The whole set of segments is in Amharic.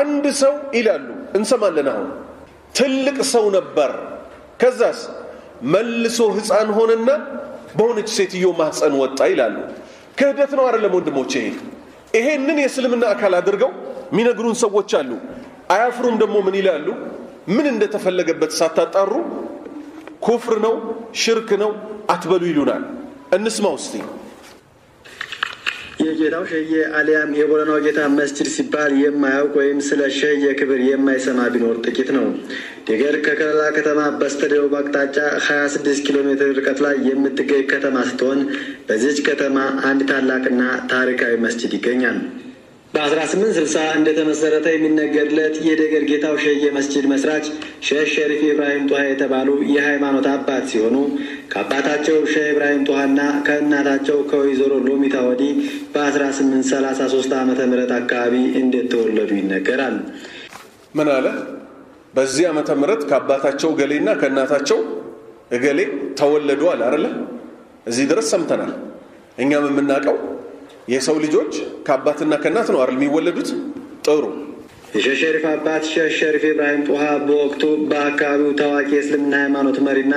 አንድ ሰው ይላሉ እንሰማለን። አሁን ትልቅ ሰው ነበር። ከዛስ መልሶ ህፃን ሆነና በሆነች ሴትዮ ማህፀን ወጣ ይላሉ። ክህደት ነው አይደለም ወንድሞቼ? ይሄ ይሄንን የእስልምና አካል አድርገው የሚነግሩን ሰዎች አሉ። አያፍሩም ደግሞ ምን ይላሉ? ምን እንደተፈለገበት ሳታጣሩ ኩፍር ነው ሽርክ ነው አትበሉ ይሉናል። እንስማው እስቲ። የጌታው ሸየ አሊያም የቦለናው ጌታ መስጅድ ሲባል የማያውቅ ወይም ስለ ሸየ ክብር የማይሰማ ቢኖር ጥቂት ነው። ደገር ከከለላ ከተማ በስተደቡብ አቅጣጫ 26 ኪሎ ሜትር ርቀት ላይ የምትገኝ ከተማ ስትሆን በዚች ከተማ አንድ ታላቅና ታሪካዊ መስጅድ ይገኛል። በ1860 እንደተመሰረተ የሚነገርለት የደገር ጌታው ሸየ መስጅድ መስራች ሼህ ሸሪፍ ኢብራሂም ጧሃ የተባሉ የሃይማኖት አባት ሲሆኑ ከአባታቸው ሼህ ኢብራሂም ጦሃና ከእናታቸው ከወይዘሮ ሎሚታ ወዲ በ1833 ዓመተ ምህረት አካባቢ እንደተወለዱ ይነገራል። ምን አለ? በዚህ ዓመተ ምህረት ከአባታቸው እገሌና ከእናታቸው እገሌ ተወለዱ አለ አይደለ? እዚህ ድረስ ሰምተናል። እኛም የምናውቀው የሰው ልጆች ከአባትና ከእናት ነው አይደል የሚወለዱት? ጥሩ የሼህ ሸሪፍ አባት ሼህ ሸሪፍ ኢብራሂም ጦሃ በወቅቱ በአካባቢው ታዋቂ የእስልምና ሃይማኖት መሪና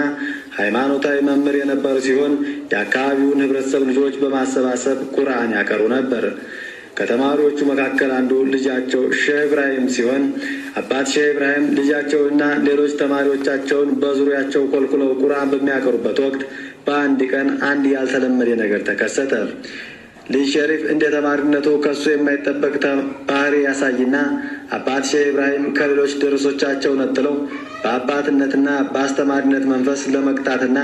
ሃይማኖታዊ መምህር የነበር ሲሆን የአካባቢውን ህብረተሰብ ልጆች በማሰባሰብ ቁርአን ያቀሩ ነበር። ከተማሪዎቹ መካከል አንዱ ልጃቸው ሼህ ኢብራሂም ሲሆን አባት ሼህ ኢብራሂም ልጃቸውና ሌሎች ተማሪዎቻቸውን በዙሪያቸው ኮልኩለው ቁርአን በሚያቀሩበት ወቅት በአንድ ቀን አንድ ያልተለመደ ነገር ተከሰተ። ልጅ ሸሪፍ እንደ ተማሪነቱ ከሱ የማይጠበቅ ባህሪ ያሳይና አባት ሼህ ኢብራሂም ከሌሎች ደርሶቻቸው ነጥለው በአባትነትና በአስተማሪነት መንፈስ ለመቅጣትና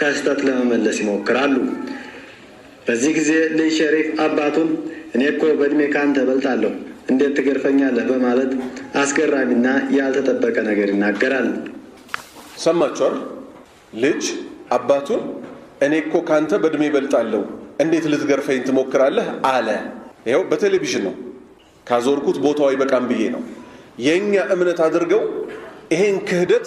ከስተት ለመመለስ ይሞክራሉ። በዚህ ጊዜ ልጅ ሸሪፍ አባቱን እኔ እኮ በእድሜ ከአንተ እበልጣለሁ እንዴት ትገርፈኛለህ? በማለት አስገራሚና ያልተጠበቀ ነገር ይናገራል። ሰማችኋል? ልጅ አባቱን እኔ እኮ ካንተ በእድሜ እበልጣለሁ እንዴት ልትገርፈኝ ትሞክራለህ? አለ። ይኸው በቴሌቪዥን ነው ካዞርኩት ቦታው አይበቃም ብዬ ነው። የእኛ እምነት አድርገው ይሄን ክህደት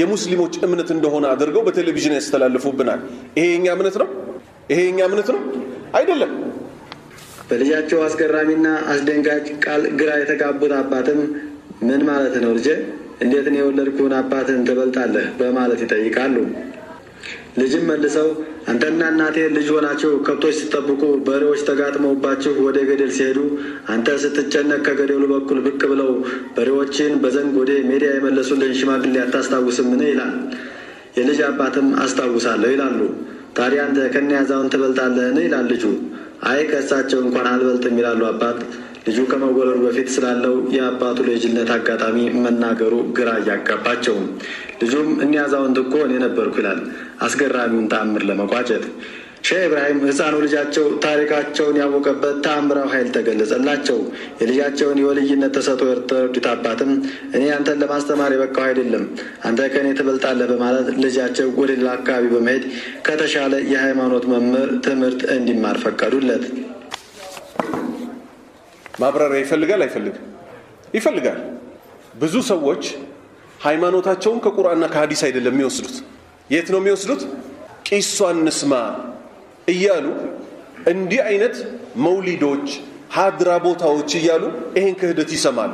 የሙስሊሞች እምነት እንደሆነ አድርገው በቴሌቪዥን ያስተላልፉብናል። ይሄ የኛ እምነት ነው? ይሄ የኛ እምነት ነው አይደለም። በልጃቸው አስገራሚና አስደንጋጭ ቃል ግራ የተጋቡት አባትም ምን ማለት ነው ልጄ፣ እንዴት ነው የወለድኩን አባትን ትበልጣለህ? በማለት ይጠይቃሉ። ልጅም መልሰው አንተና እናቴ ልጅ ሆናችሁ ከብቶች ስትጠብቁ በሬዎች ተጋጥመውባችሁ ወደ ገደል ሲሄዱ አንተ ስትጨነቅ ከገደሉ በኩል ብቅ ብለው በሬዎችን በዘንግ ወደ ሜዳ የመለሱልን ሽማግሌ አታስታውስምን? ይላል። የልጅ አባትም አስታውሳለሁ ይላሉ። ታዲያ አንተ ከኒያዛውን ትበልጣለህን? ይላል ልጁ። አይ ከእሳቸው እንኳን አልበልጥም ይላሉ አባት። ልጁ ከመወለዱ በፊት ስላለው የአባቱ ልጅነት አጋጣሚ መናገሩ ግራ እያጋባቸው ልጁም እኒያ አዛውንት እኮ እኔ ነበርኩ ይላል። አስገራሚውን ተአምር ለመቋጨት ሼህ ኢብራሂም ህፃኑ ልጃቸው ታሪካቸውን ያወቀበት ተአምራዊ ኃይል ተገለጸላቸው። የልጃቸውን የወልይነት ተሰጥቶ የተረዱት አባትም እኔ አንተን ለማስተማር የበቃው አይደለም፣ አንተ ከእኔ ትበልጣለህ በማለት ልጃቸው ወደ ሌላ አካባቢ በመሄድ ከተሻለ የሃይማኖት መምህር ትምህርት እንዲማር ፈቀዱለት። ማብራሪያ ይፈልጋል አይፈልግም? ይፈልጋል። ብዙ ሰዎች ሃይማኖታቸውን ከቁርአንና ከሀዲስ አይደለም የሚወስዱት። የት ነው የሚወስዱት? ቂሷን ንስማ እያሉ እንዲህ አይነት መውሊዶች፣ ሀድራ ቦታዎች እያሉ ይሄን ክህደት ይሰማሉ።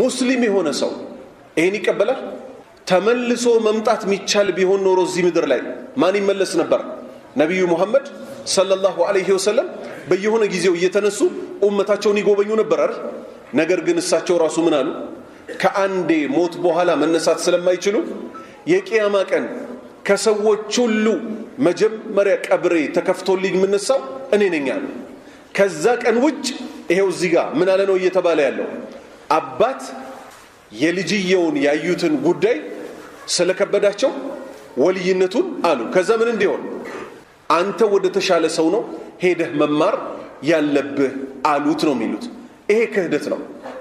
ሙስሊም የሆነ ሰው ይሄን ይቀበላል? ተመልሶ መምጣት የሚቻል ቢሆን ኖሮ እዚህ ምድር ላይ ማን ይመለስ ነበር? ነቢዩ ሙሐመድ ሰለላሁ ዐለይሂ ወሰለም በየሆነ ጊዜው እየተነሱ ኡመታቸውን ይጎበኙ ነበር አይደል? ነገር ግን እሳቸው ራሱ ምን አሉ? ከአንዴ ሞት በኋላ መነሳት ስለማይችሉ የቅያማ ቀን ከሰዎች ሁሉ መጀመሪያ ቀብሬ ተከፍቶልኝ የምነሳው እኔ ነኝ አሉ። ከዛ ቀን ውጭ ይሄው እዚህ ጋር ምን አለ ነው እየተባለ ያለው አባት የልጅየውን ያዩትን ጉዳይ ስለከበዳቸው ወልይነቱን አሉ። ከዛ ምን እንዲሆን አንተ ወደ ተሻለ ሰው ነው ሄደህ መማር ያለብህ አሉት ነው የሚሉት። ይሄ ክህደት ነው።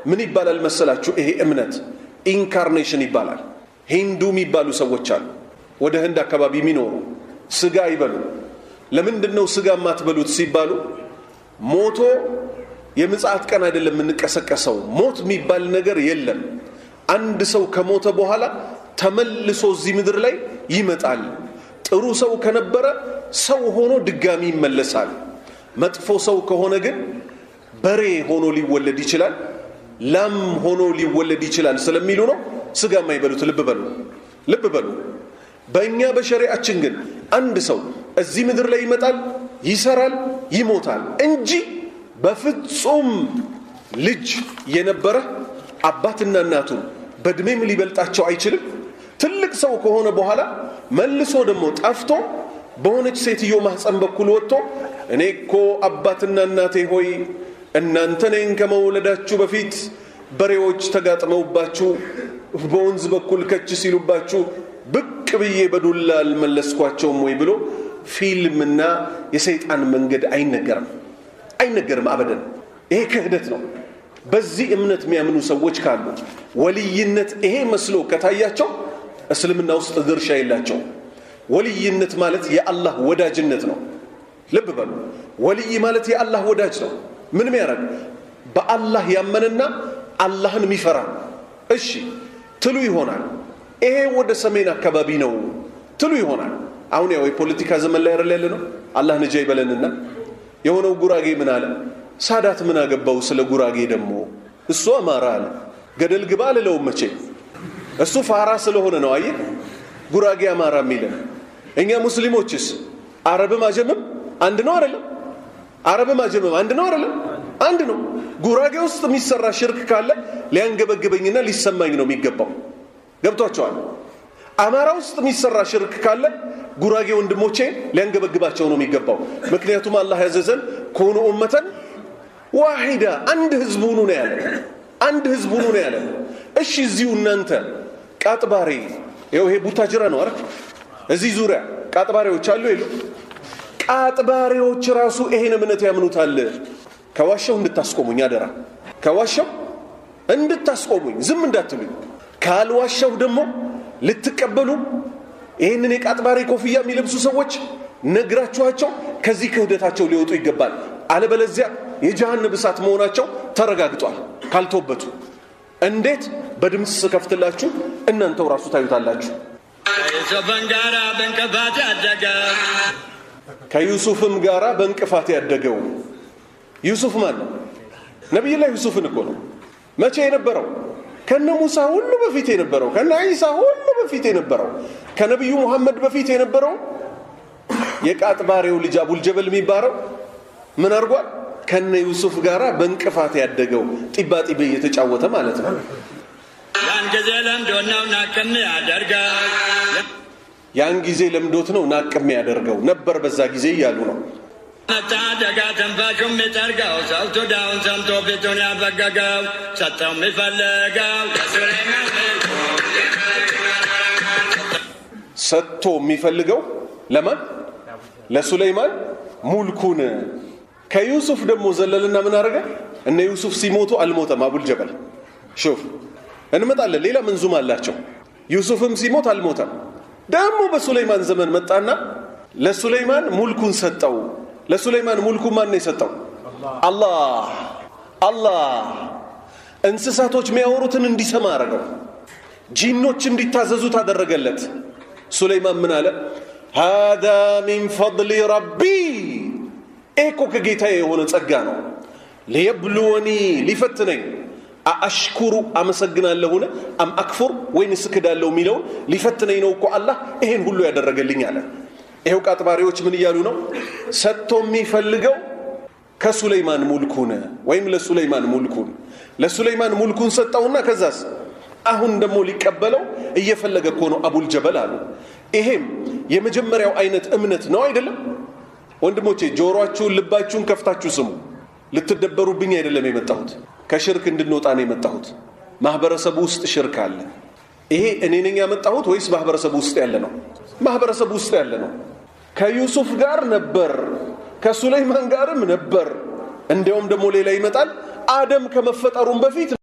ምን ይባላል መሰላችሁ? ይሄ እምነት ኢንካርኔሽን ይባላል። ሂንዱ የሚባሉ ሰዎች አሉ፣ ወደ ህንድ አካባቢ የሚኖሩ ስጋ ይበሉ። ለምንድን ነው ስጋ የማትበሉት ሲባሉ ሞቶ የምጽአት ቀን አይደለም የምንቀሰቀሰው፣ ሞት የሚባል ነገር የለም። አንድ ሰው ከሞተ በኋላ ተመልሶ እዚህ ምድር ላይ ይመጣል። ጥሩ ሰው ከነበረ ሰው ሆኖ ድጋሚ ይመለሳል። መጥፎ ሰው ከሆነ ግን በሬ ሆኖ ሊወለድ ይችላል፣ ላም ሆኖ ሊወለድ ይችላል ስለሚሉ ነው ስጋ የማይበሉት። ልብ በሉ ልብ በሉ። በእኛ በሸሪአችን ግን አንድ ሰው እዚህ ምድር ላይ ይመጣል፣ ይሰራል፣ ይሞታል እንጂ በፍጹም ልጅ የነበረ አባትና እናቱን በእድሜም ሊበልጣቸው አይችልም። ትልቅ ሰው ከሆነ በኋላ መልሶ ደግሞ ጠፍቶ በሆነች ሴትዮ ማህፀን በኩል ወጥቶ እኔ እኮ አባትና እናቴ ሆይ እናንተ ነኝ ከመውለዳችሁ በፊት በሬዎች ተጋጥመውባችሁ በወንዝ በኩል ከች ሲሉባችሁ ብቅ ብዬ በዱላ አልመለስኳቸውም ወይ ብሎ ፊልምና የሰይጣን መንገድ አይነገርም አይነገርም አበደን ይሄ ክህደት ነው በዚህ እምነት የሚያምኑ ሰዎች ካሉ ወልይነት ይሄ መስሎ ከታያቸው እስልምና ውስጥ ድርሻ የላቸውም ወልይነት ማለት የአላህ ወዳጅነት ነው። ልብ በሉ፣ ወልይ ማለት የአላህ ወዳጅ ነው። ምን ያደርግ? በአላህ ያመንና አላህን የሚፈራ እሺ ትሉ ይሆናል። ይሄ ወደ ሰሜን አካባቢ ነው ትሉ ይሆናል። አሁን ያው የፖለቲካ ዘመን ላይ ያለ ነው። አላህ ንጃ ይበለንና የሆነው ጉራጌ ምን አለ? ሳዳት ምን አገባው ስለ ጉራጌ ደግሞ እሱ አማራ አለ። ገደል ግባ አልለውም መቼ እሱ ፋራ ስለሆነ ነው። አየህ ጉራጌ አማራ የሚለን እኛ ሙስሊሞችስ አረብም አጀምም አንድ ነው አይደለም? አረብም አጀምም አንድ ነው አይደለም? አንድ ነው። ጉራጌ ውስጥ የሚሰራ ሽርክ ካለ ሊያንገበግበኝና ሊሰማኝ ነው የሚገባው። ገብቷቸዋል። አማራ ውስጥ የሚሰራ ሽርክ ካለ ጉራጌ ወንድሞቼ ሊያንገበግባቸው ነው የሚገባው። ምክንያቱም አላህ ያዘዘን ከሆኑ ኡመተን ዋሂዳ አንድ ህዝብ ሁኑ ነው ያለ። አንድ ህዝብ ሁኑ ነው ያለ። እሺ እዚሁ እናንተ ቃጥባሬ ይኸው ይሄ ቡታጅራ ነው አይደል? እዚህ ዙሪያ ቃጥባሪዎች አሉ የሉ? ቃጥባሪዎች ራሱ ይሄን እምነት ያምኑታል። ከዋሻው እንድታስቆሙኝ አደራ፣ ከዋሻው እንድታስቆሙኝ፣ ዝም እንዳትሉኝ። ካልዋሻው ደግሞ ልትቀበሉ ይህንን የቃጥባሪ ኮፍያ የሚለብሱ ሰዎች ነግራችኋቸው ከዚህ ክህደታቸው ሊወጡ ይገባል። አለበለዚያ የጀሃነም እሳት መሆናቸው ተረጋግጧል። ካልተወበቱ እንዴት? በድምፅ ስከፍትላችሁ እናንተው ራሱ ታዩታላችሁ። ከዩሱፍም ጋራ በእንቅፋት ያደገው ዩሱፍ ማን ነው? ነቢይላህ ዩሱፍን እኮ ነው። መቼ የነበረው? ከነ ሙሳ ሁሉ በፊት የነበረው፣ ከነ ዒሳ ሁሉ በፊት የነበረው፣ ከነቢዩ ሙሐመድ በፊት የነበረው የቃጥባሬው ልጅ አቡልጀበል የሚባለው ምን አድርጓል? ከነ ዩሱፍ ጋራ በእንቅፋት ያደገው ጢባጢቤ እየተጫወተ ማለት ነው። ያን ጊዜ ለምዶነው ናቅም ያደርገው። ያን ጊዜ ለምዶት ነው ናቅም ያደርገው ነበር በዛ ጊዜ እያሉ ነው። መጣ ደጋ ትንፋሹም ይጠርገው ሰው ቱዳውን ሰምቶ ፊቱን ያፈገገው ሰጠው የሚፈልገው ሰጥቶ የሚፈልገው ለማን ለሱለይማን ሙልኩን ከዩሱፍ ደግሞ ዘለልና ምን አደረገ? እነ ዩሱፍ ሲሞቱ አልሞተም። አቡል ጀበል ሹፍ እንመጣለን። ሌላ ምንዙም አላቸው። ዩሱፍም ሲሞት አልሞተም። ደግሞ በሱለይማን ዘመን መጣና ለሱለይማን ሙልኩን ሰጠው። ለሱለይማን ሙልኩን ማን ነው የሰጠው? አላህ አላህ እንስሳቶች የሚያወሩትን እንዲሰማ አረገው። ጂኖች እንዲታዘዙት አደረገለት። ሱለይማን ምን አለ? ሃዛ ሚን ፈድሊ ረቢ። ይህ ከጌታዬ የሆነ ጸጋ ነው። ሊየብሉወኒ ሊፈትነኝ አሽኩሩ አመሰግናለሁን አም አክፉር ወይን ስክዳለሁ የሚለውን ሊፈትነኝ ነው እኮ አላህ ይሄን ሁሉ ያደረገልኝ አለ ይኸው ቃጥባሪዎች ምን እያሉ ነው ሰጥቶ የሚፈልገው ከሱለይማን ሙልኩን ወይም ለሱለይማን ሙልኩን ለሱለይማን ሙልኩን ሰጠውና ከዛስ አሁን ደግሞ ሊቀበለው እየፈለገ እኮ ነው አቡልጀበል አሉ ይሄም የመጀመሪያው አይነት እምነት ነው አይደለም ወንድሞቼ ጆሮአችሁን ልባችሁን ከፍታችሁ ስሙ ልትደበሩብኝ አይደለም የመጣሁት፣ ከሽርክ እንድንወጣ ነው የመጣሁት። ማህበረሰቡ ውስጥ ሽርክ አለ። ይሄ እኔ ነኝ ያመጣሁት ወይስ ማህበረሰቡ ውስጥ ያለ ነው? ማህበረሰቡ ውስጥ ያለ ነው። ከዩሱፍ ጋር ነበር፣ ከሱለይማን ጋርም ነበር። እንዲያውም ደግሞ ሌላ ይመጣል። አደም ከመፈጠሩም በፊት